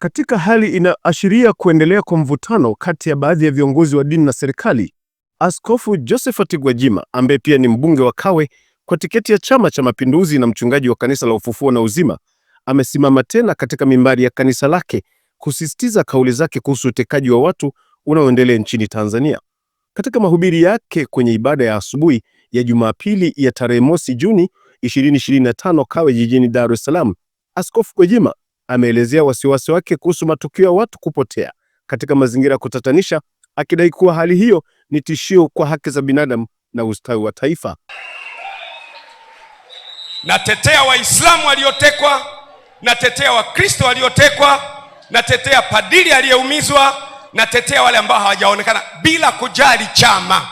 Katika hali inaashiria kuendelea kwa mvutano kati ya baadhi ya viongozi wa dini na serikali, Askofu Josephat Gwajima ambaye pia ni mbunge wa Kawe kwa tiketi ya Chama cha Mapinduzi na mchungaji wa Kanisa la Ufufuo na Uzima amesimama tena katika mimbari ya kanisa lake kusisitiza kauli zake kuhusu utekaji wa watu unaoendelea nchini Tanzania. Katika mahubiri yake kwenye ibada ya asubuhi ya Jumapili ya tarehe mosi Juni 2025 Kawe jijini Dar es Salaam, Askofu Gwajima ameelezea wasiwasi wake kuhusu matukio ya watu kupotea katika mazingira ya kutatanisha, akidai kuwa hali hiyo ni tishio kwa haki za binadamu na ustawi wa taifa. Natetea Waislamu waliotekwa, natetea Wakristo waliotekwa, natetea padiri aliyeumizwa, natetea wale ambao hawajaonekana bila kujali chama,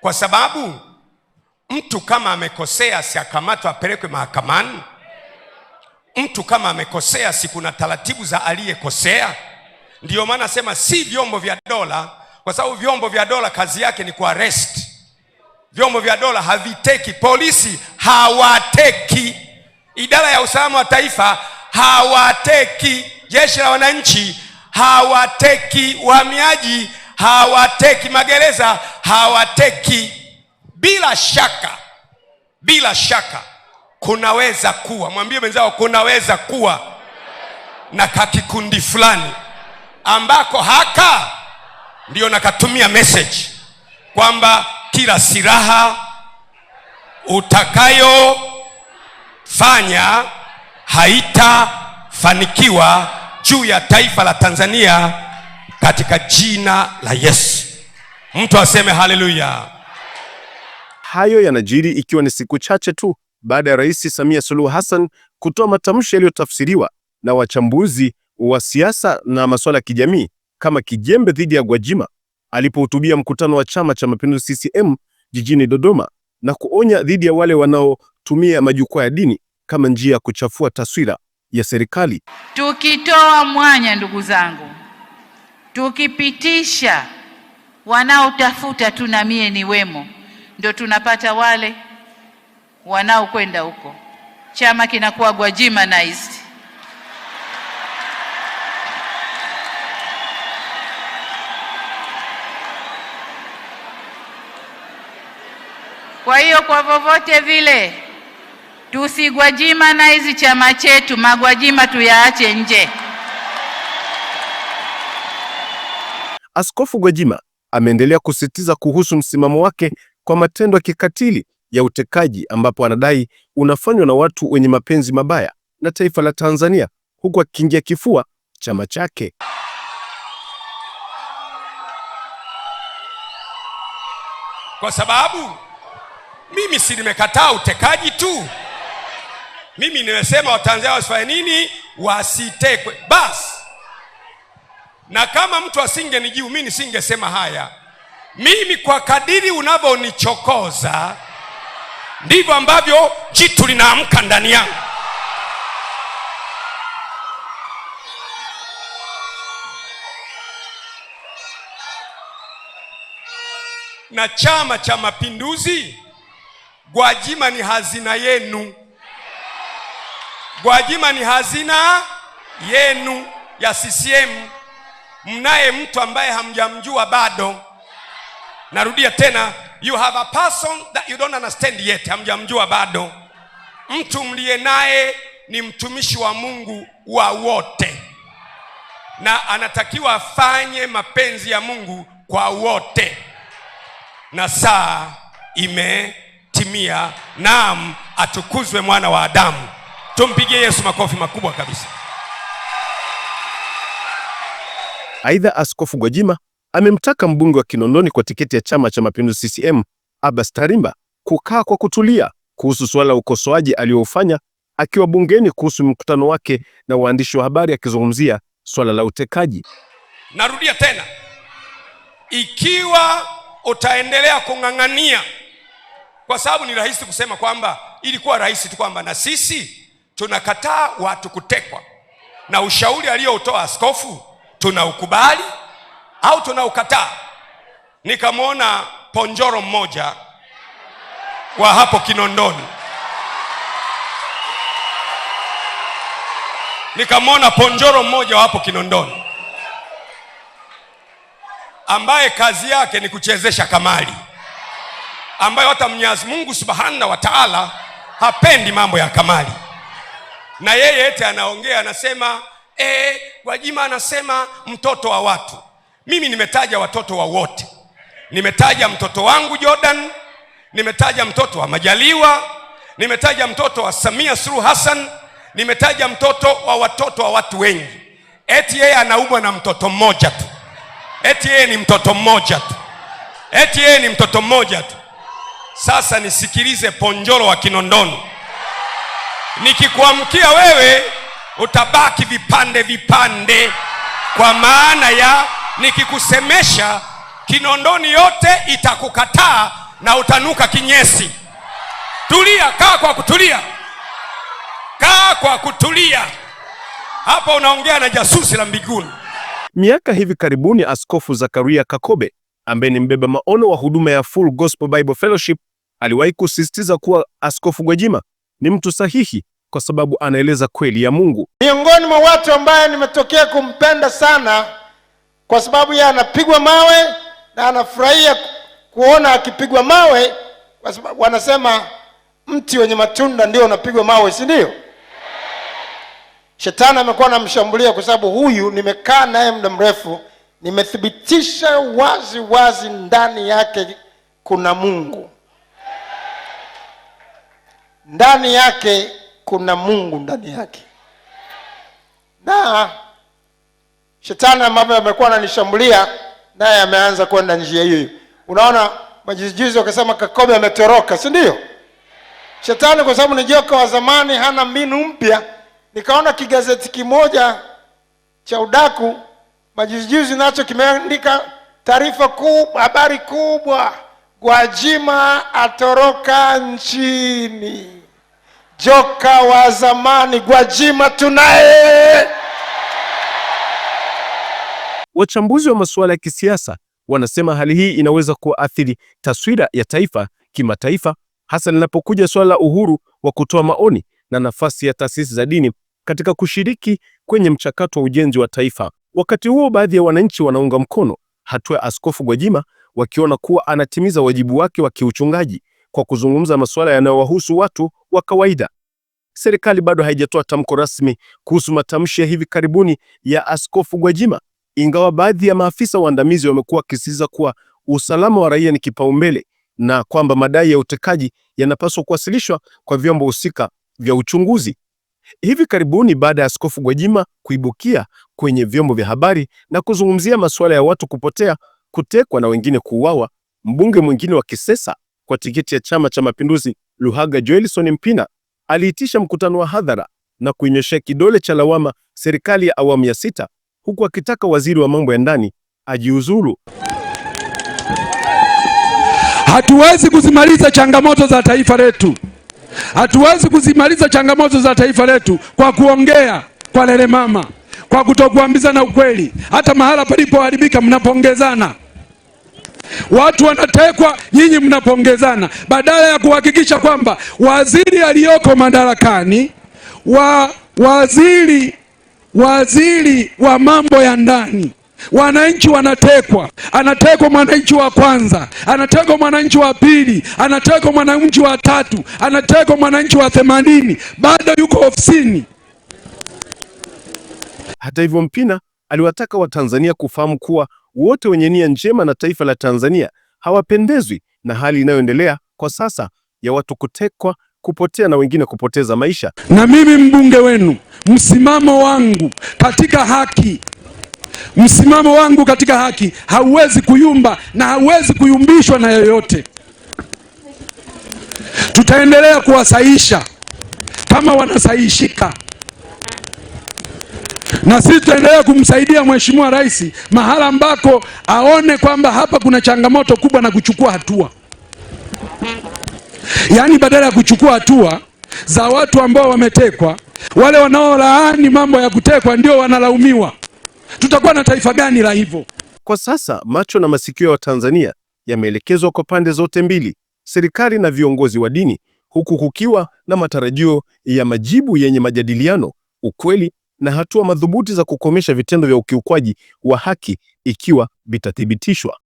kwa sababu mtu kama amekosea, si akamatwa apelekwe mahakamani? mtu kama amekosea, si kuna taratibu za aliyekosea? Ndiyo maana sema si vyombo vya dola, kwa sababu vyombo vya dola kazi yake ni kuarrest. Vyombo vya dola haviteki, polisi hawateki, idara ya usalama wa taifa hawateki, jeshi la wananchi hawateki, uhamiaji hawateki, magereza hawateki. Bila shaka, bila shaka kunaweza kuwa, mwambie mwenzao, kunaweza kuwa na kakikundi fulani ambako haka ndio nakatumia message kwamba kila silaha utakayofanya haitafanikiwa juu ya taifa la Tanzania katika jina la Yesu. Mtu aseme haleluya. Hayo yanajiri ikiwa ni siku chache tu baada ya Rais Samia Suluhu Hassan kutoa matamshi yaliyotafsiriwa na wachambuzi wa siasa na masuala ya kijamii kama kijembe dhidi ya Gwajima alipohutubia mkutano wa Chama cha Mapinduzi CCM jijini Dodoma na kuonya dhidi ya wale wanaotumia majukwaa ya dini kama njia ya kuchafua taswira ya serikali. Tukitoa mwanya, ndugu zangu, tukipitisha wanaotafuta tu na mie ni wemo, ndio tunapata wale wanaokwenda huko, chama kinakuwa Gwajimanized. Kwa hiyo kwa vovote vile hizi chama chetu, magwajima tuyaache nje. Askofu Gwajima ameendelea kusisitiza kuhusu msimamo wake kwa matendo ya kikatili ya utekaji ambapo anadai unafanywa na watu wenye mapenzi mabaya na taifa la Tanzania huku akikingia kifua chama chake. Kwa sababu mimi si nimekataa utekaji tu, mimi nimesema Watanzania wasifanye nini? Wasitekwe basi. Na kama mtu asingenijiu mimi nisingesema haya. Mimi kwa kadiri unavyonichokoza ndivyo ambavyo jitu linaamka ndani yangu. Na Chama cha Mapinduzi, Gwajima ni hazina yenu. Gwajima ni hazina yenu ya CCM. Mnaye mtu ambaye hamjamjua bado. Narudia tena, You have a person that you don't understand yet, hamjamjua bado. Mtu mliye naye ni mtumishi wa Mungu wa wote, na anatakiwa afanye mapenzi ya Mungu kwa wote, na saa imetimia. Naam, atukuzwe mwana wa Adamu. Tumpigie Yesu makofi makubwa kabisa. Aidha, Askofu Gwajima amemtaka mbunge wa Kinondoni kwa tiketi ya Chama cha Mapinduzi CCM Abbas Tarimba kukaa kwa kutulia kuhusu suala la ukosoaji aliyoufanya akiwa bungeni kuhusu mkutano wake na waandishi wa habari akizungumzia swala la utekaji. Narudia tena, ikiwa utaendelea kung'ang'ania, kwa sababu ni rahisi kusema kwamba ilikuwa rahisi tu kwamba na sisi tunakataa watu kutekwa, na ushauri aliyoutoa askofu tunaukubali au tunaukataa? Nikamwona ponjoro mmoja wa hapo Kinondoni, nikamwona ponjoro mmoja wa hapo Kinondoni ambaye kazi yake ni kuchezesha kamali ambayo hata mnyazi Mungu Subhanahu wa Ta'ala hapendi mambo ya kamali na yeye eti anaongea anasema, eh, Gwajima anasema mtoto wa watu mimi nimetaja watoto wa wote, nimetaja mtoto wangu Jordan, nimetaja mtoto wa Majaliwa, nimetaja mtoto wa Samia Suluhu Hassan, nimetaja mtoto wa watoto wa watu wengi. Eti yeye anaumwa na mtoto mmoja tu? Eti yeye ni mtoto mmoja tu? Eti yeye ni mtoto mmoja tu? Sasa nisikilize, ponjoro wa Kinondoni, nikikuamkia wewe utabaki vipande vipande, kwa maana ya nikikusemesha Kinondoni yote itakukataa na utanuka kinyesi. Tulia, kaa kwa kutulia, kaa kwa kutulia. Hapa unaongea na jasusi la mbinguni. Miaka hivi karibuni, Askofu Zakaria Kakobe ambaye ni mbeba maono wa huduma ya Full Gospel Bible Fellowship aliwahi kusisitiza kuwa Askofu Gwajima ni mtu sahihi kwa sababu anaeleza kweli ya Mungu. Miongoni mwa watu ambaye nimetokea kumpenda sana kwa sababu yeye anapigwa mawe na anafurahia kuona akipigwa mawe, kwa sababu wanasema mti wenye matunda ndio unapigwa mawe, si ndio? Shetani amekuwa anamshambulia kwa sababu huyu, nimekaa naye muda mrefu, nimethibitisha wazi wazi ndani yake kuna Mungu, ndani yake kuna Mungu, ndani yake na shetani ambavyo amekuwa ananishambulia naye ameanza kwenda njia hiyo. Unaona, majuzijuzi wakasema Kakobe ametoroka, si ndio? Shetani kwa sababu ni joka wa zamani, hana mbinu mpya. Nikaona kigazeti kimoja cha udaku majuzijuzi nacho kimeandika taarifa kubwa, habari kubwa, Gwajima atoroka nchini. Joka wa zamani Gwajima tunaye Wachambuzi wa masuala ya kisiasa wanasema hali hii inaweza kuathiri taswira ya taifa kimataifa, hasa linapokuja suala la uhuru wa kutoa maoni na nafasi ya taasisi za dini katika kushiriki kwenye mchakato wa ujenzi wa taifa. Wakati huo, baadhi ya wananchi wanaunga mkono hatua ya Askofu Gwajima wakiona kuwa anatimiza wajibu wake wa kiuchungaji kwa kuzungumza masuala yanayowahusu watu wa kawaida. Serikali bado haijatoa tamko rasmi kuhusu matamshi ya hivi karibuni ya Askofu Gwajima, ingawa baadhi ya maafisa waandamizi wamekuwa wakisisitiza kuwa usalama wa raia ni kipaumbele na kwamba madai ya utekaji yanapaswa kuwasilishwa kwa vyombo husika vya uchunguzi. Hivi karibuni baada ya Askofu Gwajima kuibukia kwenye vyombo vya habari na kuzungumzia masuala ya watu kupotea, kutekwa na wengine kuuawa, mbunge mwingine wa Kisesa kwa tiketi ya Chama cha Mapinduzi, Luhaga Joelson Mpina aliitisha mkutano wa hadhara na kuinyoshea kidole cha lawama serikali ya awamu ya sita huku akitaka waziri wa mambo ya ndani ajiuzulu. Hatuwezi kuzimaliza changamoto za taifa letu, hatuwezi kuzimaliza changamoto za taifa letu kwa kuongea kwa lelemama, kwa kutokuambizana ukweli. Hata mahala palipoharibika mnapongezana, watu wanatekwa, nyinyi mnapongezana, badala ya kuhakikisha kwamba waziri aliyoko madarakani wa waziri waziri wa mambo ya ndani wananchi wanatekwa, anatekwa mwananchi wa kwanza, anatekwa mwananchi wa pili, anatekwa mwananchi wa tatu, anatekwa mwananchi wa themanini, bado yuko ofisini. Hata hivyo, Mpina aliwataka Watanzania kufahamu kuwa wote wenye nia njema na taifa la Tanzania hawapendezwi na hali inayoendelea kwa sasa ya watu kutekwa kupotea na wengine kupoteza maisha. Na mimi mbunge wenu, msimamo wangu katika haki, msimamo wangu katika haki hauwezi kuyumba na hauwezi kuyumbishwa na yoyote. Tutaendelea kuwasaisha kama wanasaishika, na sisi tutaendelea kumsaidia Mheshimiwa Rais mahala ambako aone kwamba hapa kuna changamoto kubwa na kuchukua hatua. Yaani badala ya kuchukua hatua za watu ambao wametekwa, wale wanaolaani mambo ya kutekwa ndio wanalaumiwa. Tutakuwa na taifa gani la hivyo? Kwa sasa macho na masikio ya Watanzania yameelekezwa kwa pande zote mbili, serikali na viongozi wa dini, huku kukiwa na matarajio ya majibu yenye majadiliano, ukweli na hatua madhubuti za kukomesha vitendo vya ukiukwaji wa haki ikiwa vitathibitishwa.